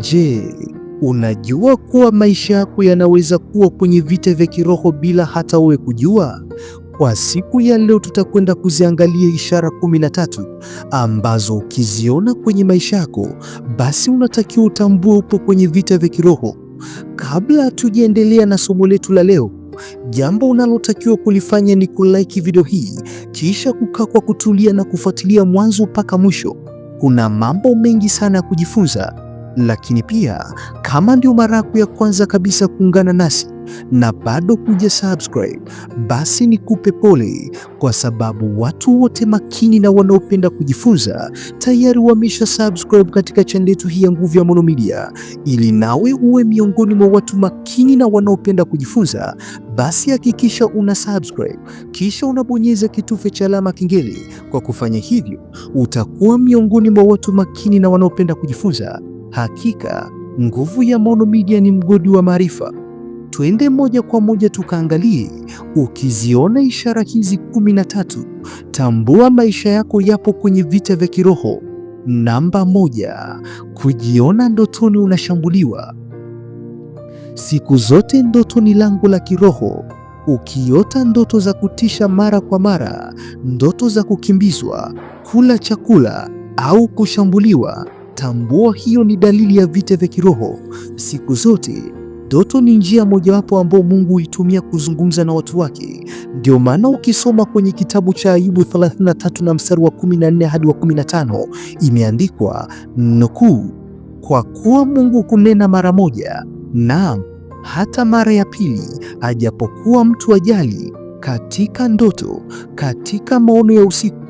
Je, unajua kuwa maisha yako yanaweza kuwa kwenye vita vya kiroho bila hata wewe kujua? Kwa siku ya leo tutakwenda kuziangalia ishara 13 ambazo ukiziona kwenye maisha yako, basi unatakiwa utambue upo kwenye vita vya kiroho. Kabla tujaendelea na somo letu la leo, jambo unalotakiwa kulifanya ni kulike video hii, kisha kukaa kwa kutulia na kufuatilia mwanzo mpaka mwisho. Kuna mambo mengi sana ya kujifunza lakini pia kama ndio mara yako ya kwanza kabisa kuungana nasi na bado kuja subscribe, basi nikupe pole, kwa sababu watu wote makini na wanaopenda kujifunza tayari wamesha subscribe katika chaneli yetu hii ya Nguvu ya Maono Media. Ili nawe uwe miongoni mwa watu makini na wanaopenda kujifunza, basi hakikisha una subscribe kisha unabonyeza kitufe cha alama kengele. Kwa kufanya hivyo, utakuwa miongoni mwa watu makini na wanaopenda kujifunza Hakika nguvu ya Maono Media ni mgodi wa maarifa. Twende moja kwa moja tukaangalie. Ukiziona ishara hizi kumi na tatu, tambua maisha yako yapo kwenye vita vya kiroho. Namba moja, kujiona ndotoni unashambuliwa. Siku zote ndoto ni lango la kiroho. Ukiota ndoto za kutisha mara kwa mara, ndoto za kukimbizwa, kula chakula au kushambuliwa tambua hiyo ni dalili ya vita vya kiroho. Siku zote ndoto ni njia mojawapo ambao Mungu huitumia kuzungumza na watu wake. Ndio maana ukisoma kwenye kitabu cha Ayubu 33 na mstari wa 14 hadi wa 15 imeandikwa nukuu, kwa kuwa Mungu kunena mara moja, na hata mara ya pili, ajapokuwa mtu ajali, katika ndoto, katika maono ya usiku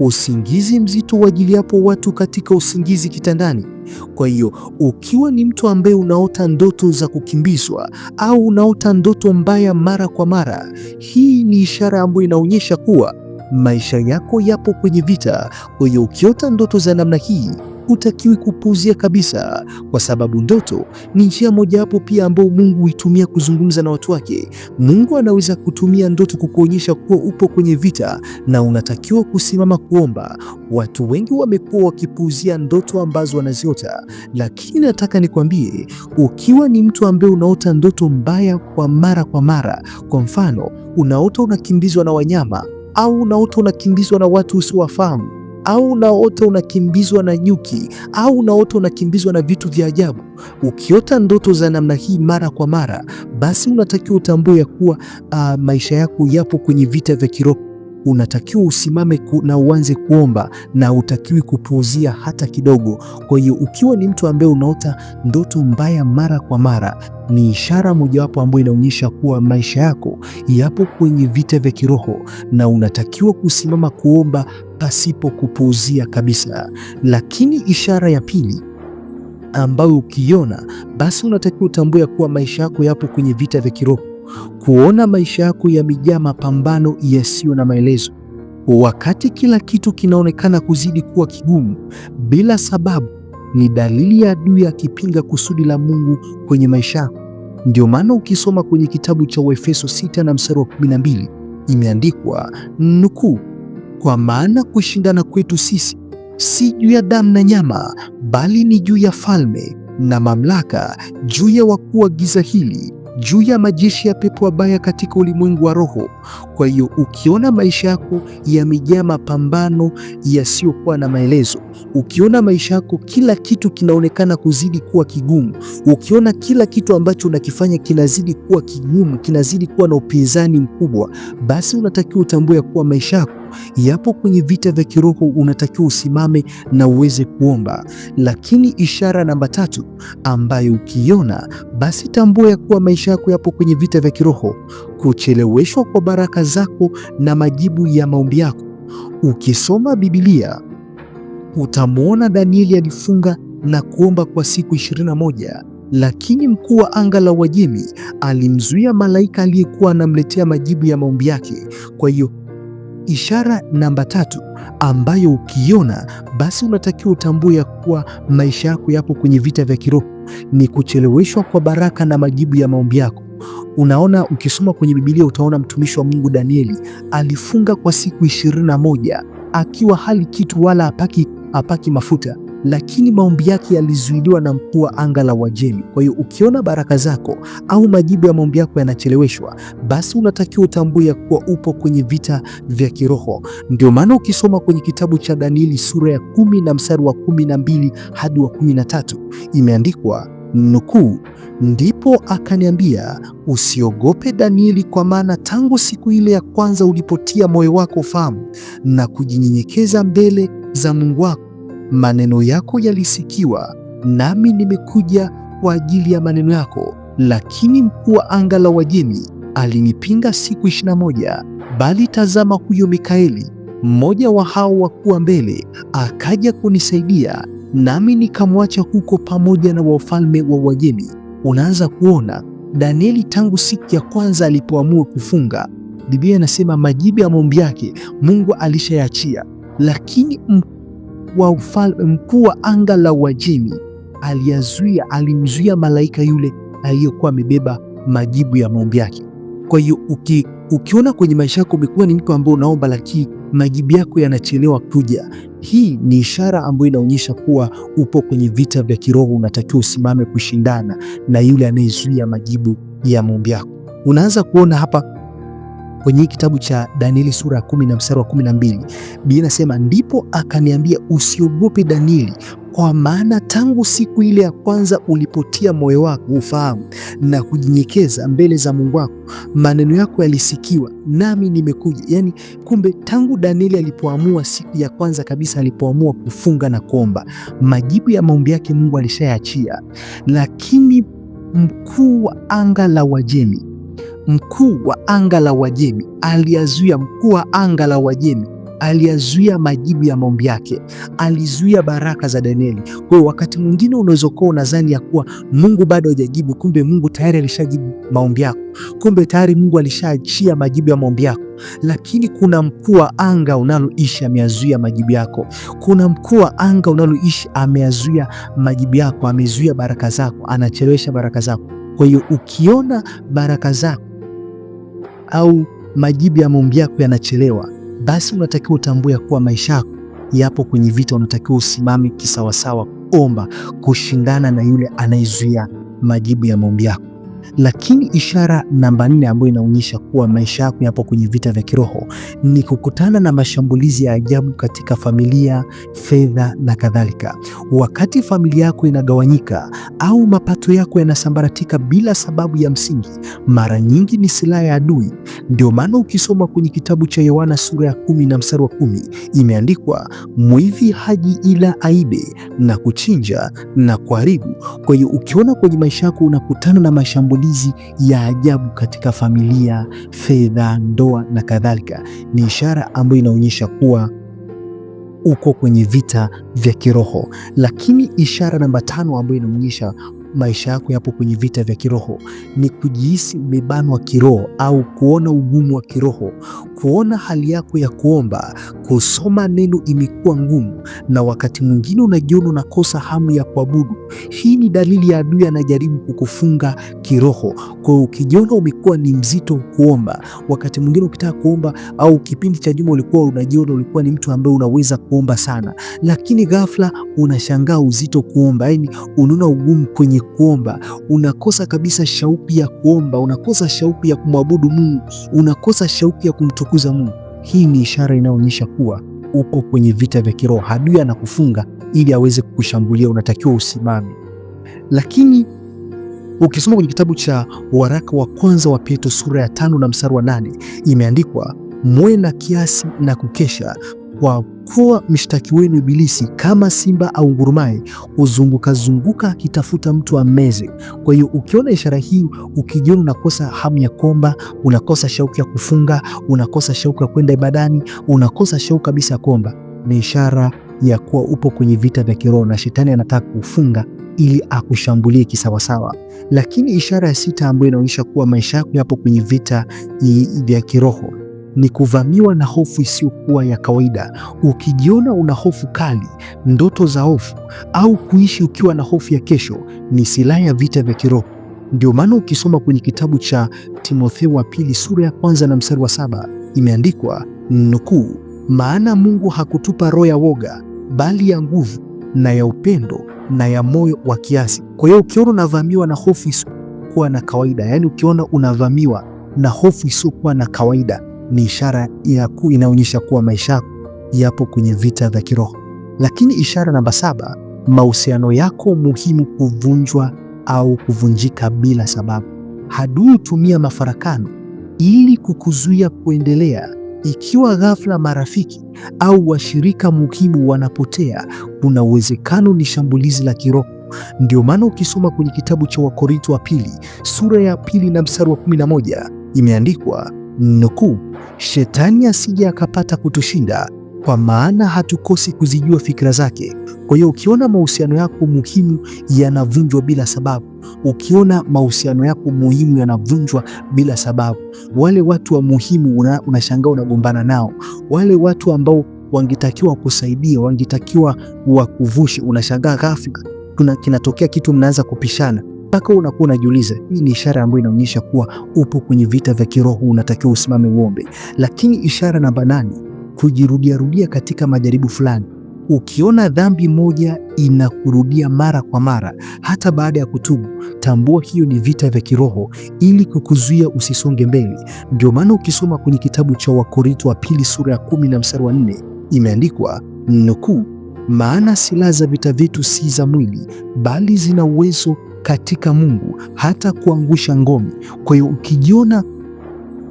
usingizi mzito uajiliapo watu katika usingizi kitandani. Kwa hiyo ukiwa ni mtu ambaye unaota ndoto za kukimbizwa au unaota ndoto mbaya mara kwa mara, hii ni ishara ambayo inaonyesha kuwa maisha yako yapo kwenye vita. Kwa hiyo ukiota ndoto za namna hii hutakiwi kupuuzia kabisa, kwa sababu ndoto ni njia mojawapo pia ambayo Mungu huitumia kuzungumza na watu wake. Mungu anaweza kutumia ndoto kukuonyesha kuwa upo kwenye vita na unatakiwa kusimama kuomba. Watu wengi wamekuwa wakipuuzia ndoto ambazo wanaziota, lakini nataka nikwambie, ukiwa ni mtu ambaye unaota ndoto mbaya kwa mara kwa mara, kwa mfano unaota unakimbizwa na wanyama au unaota unakimbizwa na watu usiowafahamu au unaota unakimbizwa na nyuki au unaota unakimbizwa na vitu vya ajabu. Ukiota ndoto za namna hii mara kwa mara, basi unatakiwa utambue ya kuwa uh, maisha yako yapo kwenye vita vya kiroho. Unatakiwa usimame ku, na uanze kuomba na utakiwi kupuuzia hata kidogo. Kwa hiyo ukiwa ni mtu ambaye unaota ndoto mbaya mara kwa mara, ni ishara mojawapo ambayo inaonyesha kuwa maisha yako yapo kwenye vita vya kiroho na unatakiwa kusimama kuomba pasipo kupuuzia kabisa. Lakini ishara ya pili ambayo ukiona basi unatakiwa utambue kuwa maisha yako yapo kwenye vita vya kiroho, kuona maisha yako yamejaa mapambano yasiyo na maelezo, wakati kila kitu kinaonekana kuzidi kuwa kigumu bila sababu, ni dalili ya adui akipinga kusudi la Mungu kwenye maisha yako. Ndio maana ukisoma kwenye kitabu cha Waefeso 6 na mstari wa 12 imeandikwa nukuu kwa maana kushindana kwetu sisi si juu ya damu na nyama, bali ni juu ya falme na mamlaka, juu ya wakuu wa giza hili, juu ya majeshi ya pepo wabaya katika ulimwengu wa roho. Kwa hiyo ukiona maisha yako yamejaa mapambano yasiyokuwa na maelezo, ukiona maisha yako kila kitu kinaonekana kuzidi kuwa kigumu, ukiona kila kitu ambacho unakifanya kinazidi kuwa kigumu, kinazidi kuwa na upinzani mkubwa, basi unatakiwa utambue ya kuwa maisha yako Yapo kwenye vita vya kiroho, unatakiwa usimame na uweze kuomba. Lakini ishara namba tatu ambayo ukiona basi tambua ya kuwa maisha yako yapo kwenye vita vya kiroho, kucheleweshwa kwa baraka zako na majibu ya maombi yako. Ukisoma Biblia utamwona Danieli alifunga na kuomba kwa siku 21 lakini mkuu wa anga la Uajemi alimzuia malaika aliyekuwa anamletea majibu ya maombi yake. Kwa hiyo ishara namba tatu ambayo ukiona basi unatakiwa utambue ya kuwa maisha yako yapo kwenye vita vya kiroho ni kucheleweshwa kwa baraka na majibu ya maombi yako. Unaona, ukisoma kwenye Biblia utaona mtumishi wa Mungu Danieli alifunga kwa siku ishirini na moja akiwa hali kitu wala apaki, apaki mafuta lakini maombi yake yalizuiliwa na mkuu wa anga la Uajemi. Kwa hiyo ukiona baraka zako au majibu ya maombi yako yanacheleweshwa, basi unatakiwa utambue ya kuwa upo kwenye vita vya kiroho. Ndio maana ukisoma kwenye kitabu cha Danieli sura ya kumi na mstari wa kumi na mbili hadi wa kumi na tatu imeandikwa nukuu, ndipo akaniambia usiogope Danieli, kwa maana tangu siku ile ya kwanza ulipotia moyo wako fahamu na kujinyenyekeza mbele za Mungu wako maneno yako yalisikiwa, nami nimekuja kwa ajili ya maneno yako. Lakini mkuu wa anga la Uajemi alinipinga siku 21 moja. Bali tazama, huyo Mikaeli mmoja wa hao wakuu wa mbele akaja kunisaidia, nami nikamwacha huko pamoja na wafalme wa Uajemi. Unaanza kuona Danieli tangu siku ya kwanza alipoamua kufunga. Biblia inasema majibu ya maombi yake Mungu alishayaachia, lakini wa ufalme, mkuu wa anga la Uajemi aliyazuia, alimzuia malaika yule aliyekuwa amebeba majibu ya maombi yake. Kwa hiyo uki, ukiona kwenye maisha yako umekuwa ni mtu ambaye unaomba lakini majibu yako yanachelewa kuja, hii ni ishara ambayo inaonyesha kuwa upo kwenye vita vya kiroho. Unatakiwa usimame kushindana na yule anayezuia majibu ya maombi yako. Unaanza kuona hapa kwenye kitabu cha Danieli sura ya 10 na mstari wa 12, Biblia inasema ndipo akaniambia, usiogope Danieli, kwa maana tangu siku ile ya kwanza ulipotia moyo wako ufahamu na kujinyekeza mbele za Mungu wako, maneno yako yalisikiwa, nami nimekuja. Yani kumbe tangu Danieli alipoamua siku ya kwanza kabisa alipoamua kufunga na kuomba, majibu ya maombi yake Mungu alishayaachia. Lakini mkuu wa anga la Wajemi mkuu wa anga la Uajemi aliyazuia, mkuu wa anga la Uajemi aliyazuia majibu ya maombi yake, alizuia baraka za Danieli. Kwa hiyo wakati mwingine unaweza kuwa unadhani ya kuwa Mungu bado hajajibu, kumbe Mungu tayari alishajibu maombi yako, kumbe tayari Mungu alishaachia majibu ya maombi yako lakini kuna mkuu wa anga unaloishi ameyazuia majibu yako. Kuna mkuu wa anga unaloishi ameyazuia majibu yako, amezuia baraka zako, anachelewesha baraka zako. Kwa hiyo ukiona baraka zako au majibu ya maombi yako yanachelewa, basi unatakiwa utambue kuwa maisha yako yapo kwenye vita. Unatakiwa usimame kisawasawa, kuomba, kushindana na yule anayezuia majibu ya maombi yako. Lakini ishara namba nne ambayo inaonyesha kuwa maisha yako yapo kwenye vita vya kiroho ni kukutana na mashambulizi ya ajabu katika familia, fedha na kadhalika. Wakati familia yako inagawanyika au mapato yako yanasambaratika bila sababu ya msingi, mara nyingi ni silaha ya adui. Ndio maana ukisoma kwenye kitabu cha Yohana sura ya kumi na mstari wa kumi imeandikwa, mwivi haji ila aibe na kuchinja na kuharibu. Kwa hiyo ukiona kwenye maisha yako unakutana na mashambulizi matumizi ya ajabu katika familia, fedha, ndoa na kadhalika. Ni ishara ambayo inaonyesha kuwa uko kwenye vita vya kiroho. Lakini ishara namba tano ambayo inaonyesha maisha yako yapo kwenye vita vya kiroho, ni kujihisi umebanwa kiroho au kuona ugumu wa kiroho, kuona hali yako ya kuomba, kusoma neno imekuwa ngumu, na wakati mwingine unajiona unakosa hamu ya kuabudu. Hii ni dalili ya adui anajaribu kukufunga kiroho. Kwa hiyo ukijiona umekuwa ni mzito kuomba, wakati mwingine ukitaka kuomba, au kipindi cha juma ulikuwa unajiona ulikuwa ni mtu ambaye unaweza kuomba sana, lakini ghafla unashangaa uzito kuomba, yani unaona ugumu kwenye kwenye kuomba, unakosa kabisa shauku ya kuomba, unakosa shauku ya kumwabudu Mungu, unakosa shauku ya kumtukuza Mungu. Hii ni ishara inayoonyesha kuwa uko kwenye vita vya kiroho. Adui anakufunga ili aweze kukushambulia, unatakiwa usimame. Lakini ukisoma kwenye kitabu cha waraka wa kwanza wa Petro sura ya tano na mstari wa nane imeandikwa Mwe na kiasi na kukesha, kwa kuwa mshtaki wenu Ibilisi kama simba au ngurumaye huzunguka zunguka akitafuta mtu ameze. Kwa hiyo ukiona ishara hii, ukijiona unakosa hamu ya kuomba, unakosa shauku ya kufunga, unakosa shauku ya kwenda ibadani, unakosa shauku kabisa ya kuomba, ni ishara ya kuwa upo kwenye vita vya kiroho na shetani anataka kufunga ili akushambulie kisawasawa. Lakini ishara ya sita ambayo inaonyesha kuwa maisha yako yapo kwenye vita vya kiroho ni kuvamiwa na hofu isiyokuwa ya kawaida. Ukijiona una hofu kali, ndoto za hofu, au kuishi ukiwa na hofu ya kesho, ni silaha ya vita vya kiroho. Ndio maana ukisoma kwenye kitabu cha Timotheo wa pili sura ya kwanza na mstari wa saba imeandikwa nukuu, maana Mungu hakutupa roho ya woga, bali ya nguvu na ya upendo na ya moyo wa kiasi. Kwa hiyo ukiona unavamiwa na hofu isiyokuwa na kawaida, yaani ukiona unavamiwa na hofu isiyokuwa na kawaida ni ishara ya ku inaonyesha kuwa maisha yako yapo kwenye vita vya kiroho. Lakini ishara namba saba, mahusiano yako muhimu kuvunjwa au kuvunjika bila sababu. Adui hutumia mafarakano ili kukuzuia kuendelea. Ikiwa ghafla marafiki au washirika muhimu wanapotea, kuna uwezekano ni shambulizi la kiroho. Ndio maana ukisoma kwenye kitabu cha Wakorinto wa pili sura ya pili na mstari wa 11 imeandikwa nukuu shetani asije akapata kutushinda, kwa maana hatukosi kuzijua fikra zake. Kwa hiyo ukiona mahusiano yako muhimu yanavunjwa bila sababu, ukiona mahusiano yako muhimu yanavunjwa bila sababu, wale watu wa muhimu unashangaa una unagombana nao, wale watu ambao wangetakiwa kusaidia, wangetakiwa wakuvushe, unashangaa ghafla kinatokea kitu, mnaanza kupishana mpaka unakuwa unajiuliza, hii ni ishara ambayo inaonyesha kuwa upo kwenye vita vya kiroho, unatakiwa usimame uombe. Lakini ishara namba nane, kujirudiarudia katika majaribu fulani. Ukiona dhambi moja inakurudia mara kwa mara hata baada ya kutubu, tambua hiyo ni vita vya kiroho ili kukuzuia usisonge mbele. Ndio maana ukisoma kwenye kitabu cha Wakorintho wa pili sura ya kumi na mstari wa nne imeandikwa nukuu, maana silaha za vita vyetu si za mwili, bali zina uwezo katika Mungu hata kuangusha ngome. Kwa hiyo ukijiona,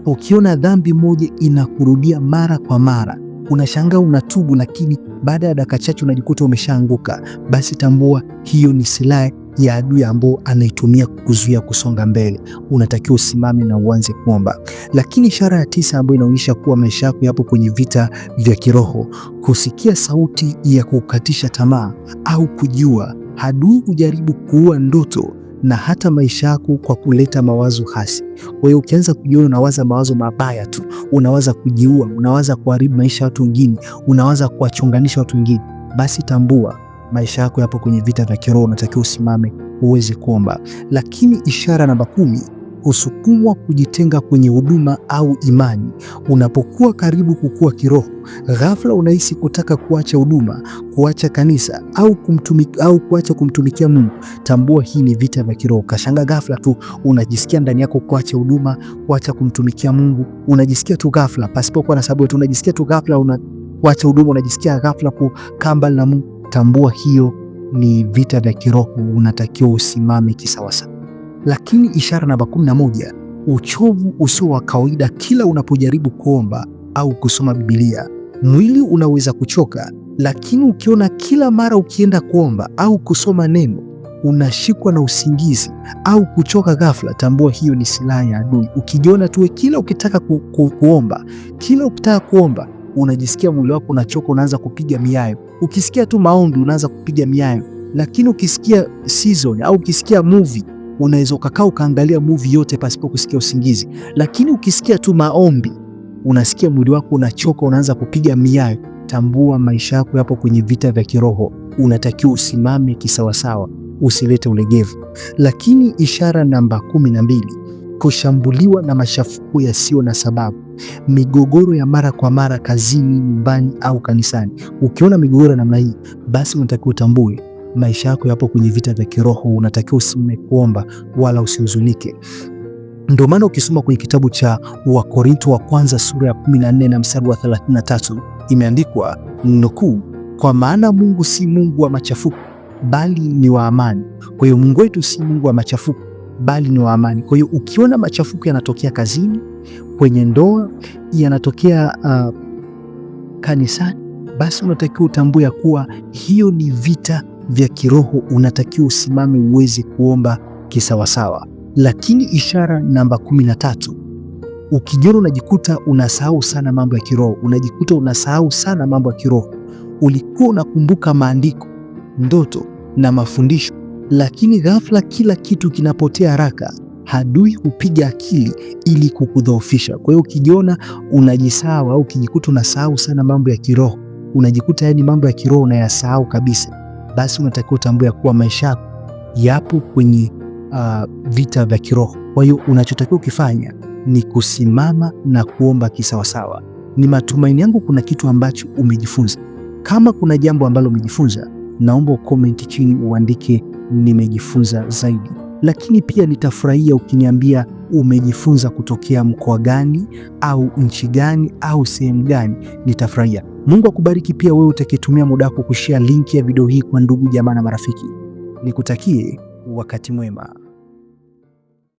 ukiona dhambi moja inakurudia mara kwa mara, unashangaa unatubu, lakini baada ya dakika chache unajikuta umeshaanguka, basi tambua hiyo ni silaha ya adui ambao anaitumia kukuzuia kusonga mbele. Unatakiwa usimame na uanze kuomba. Lakini ishara ya tisa ambayo inaonyesha kuwa maisha yako yapo kwenye vita vya kiroho, kusikia sauti ya kukatisha tamaa au kujua hadui kujaribu kuua ndoto na hata maisha yako kwa kuleta mawazo hasi. Kwa hiyo ukianza kujiona unawaza mawazo mabaya tu, unawaza kujiua, unawaza kuharibu maisha ya watu wengine, unawaza kuwachunganisha watu wengine, basi tambua maisha yako yapo kwenye vita vya kiroho, unatakiwa usimame uweze kuomba. Lakini ishara namba kumi husukumwa kujitenga kwenye huduma au imani. Unapokuwa karibu kukua kiroho, ghafla unahisi kutaka kuacha huduma, kuacha kanisa au kumtumik, au kuacha kumtumikia Mungu. Tambua hii ni vita vya kiroho. Kashanga ghafla tu unajisikia ndani yako kuacha huduma, kuacha kumtumikia Mungu, unajisikia tu ghafla pasipokuwa na sababu, unajisikia tu ghafla una kuacha huduma, unajisikia ghafla kukaa mbali na Mungu. Tambua hiyo ni vita vya kiroho, unatakiwa usimame kisawasawa. Lakini ishara namba 11, uchovu usio wa kawaida kila unapojaribu kuomba au kusoma Biblia. Mwili unaweza kuchoka, lakini ukiona kila mara ukienda kuomba au kusoma neno unashikwa na usingizi au kuchoka ghafla, tambua hiyo ni silaha ya adui. Ukijiona tu kila ukitaka ku, ku, kuomba kila ukitaka kuomba unajisikia mwili wako unachoka, unaanza kupiga miayo. Ukisikia tu maombi unaanza kupiga miayo, lakini ukisikia season au ukisikia movie unaweza ukakaa ukaangalia movie yote pasipo kusikia usingizi, lakini ukisikia tu maombi unasikia mwili wako unachoka, unaanza kupiga miayo. Tambua maisha yako yapo kwenye vita vya kiroho, unatakiwa usimame kisawasawa, usilete ulegevu. Lakini ishara namba kumi na mbili, kushambuliwa na mashafuku yasiyo na sababu. Migogoro ya mara kwa mara kazini, nyumbani au kanisani. Ukiona migogoro ya namna hii, basi unatakiwa utambue maisha yako yapo kwenye vita vya kiroho, unatakiwa usimame kuomba wala usihuzunike. Ndio maana ukisoma kwenye kitabu cha Wakorinto wa kwanza sura ya 14 na mstari wa 33 imeandikwa nukuu, kwa maana Mungu si Mungu wa machafuko bali ni wa amani. Kwa hiyo Mungu wetu si Mungu wa machafuko bali ni wa amani. Kwa hiyo ukiona machafuko yanatokea kazini, kwenye ndoa, yanatokea uh, kanisani, basi unatakiwa utambue ya kuwa hiyo ni vita vya kiroho unatakiwa usimame uweze kuomba kisawasawa. Lakini ishara namba 13, ukijiona unajikuta unasahau sana mambo ya kiroho, unajikuta unasahau sana mambo ya kiroho. Ulikuwa unakumbuka maandiko, ndoto na mafundisho, lakini ghafla kila kitu kinapotea haraka. Adui hupiga akili ili kukudhoofisha. Kwa hiyo ukijiona unajisawa au ukijikuta unasahau sana mambo ya kiroho, unajikuta yani mambo ya kiroho unayasahau kabisa, basi unatakiwa utambue kuwa maisha yako yapo kwenye uh, vita vya kiroho. Kwa hiyo unachotakiwa ukifanya ni kusimama na kuomba kisawasawa. Ni matumaini yangu kuna kitu ambacho umejifunza. Kama kuna jambo ambalo umejifunza, naomba ukomenti chini uandike nimejifunza zaidi, lakini pia nitafurahia ukiniambia umejifunza kutokea mkoa gani au nchi gani au sehemu gani, nitafurahia. Mungu akubariki pia wewe utakayetumia muda wako kushare linki ya video hii kwa ndugu, jamaa na marafiki. Nikutakie wakati mwema.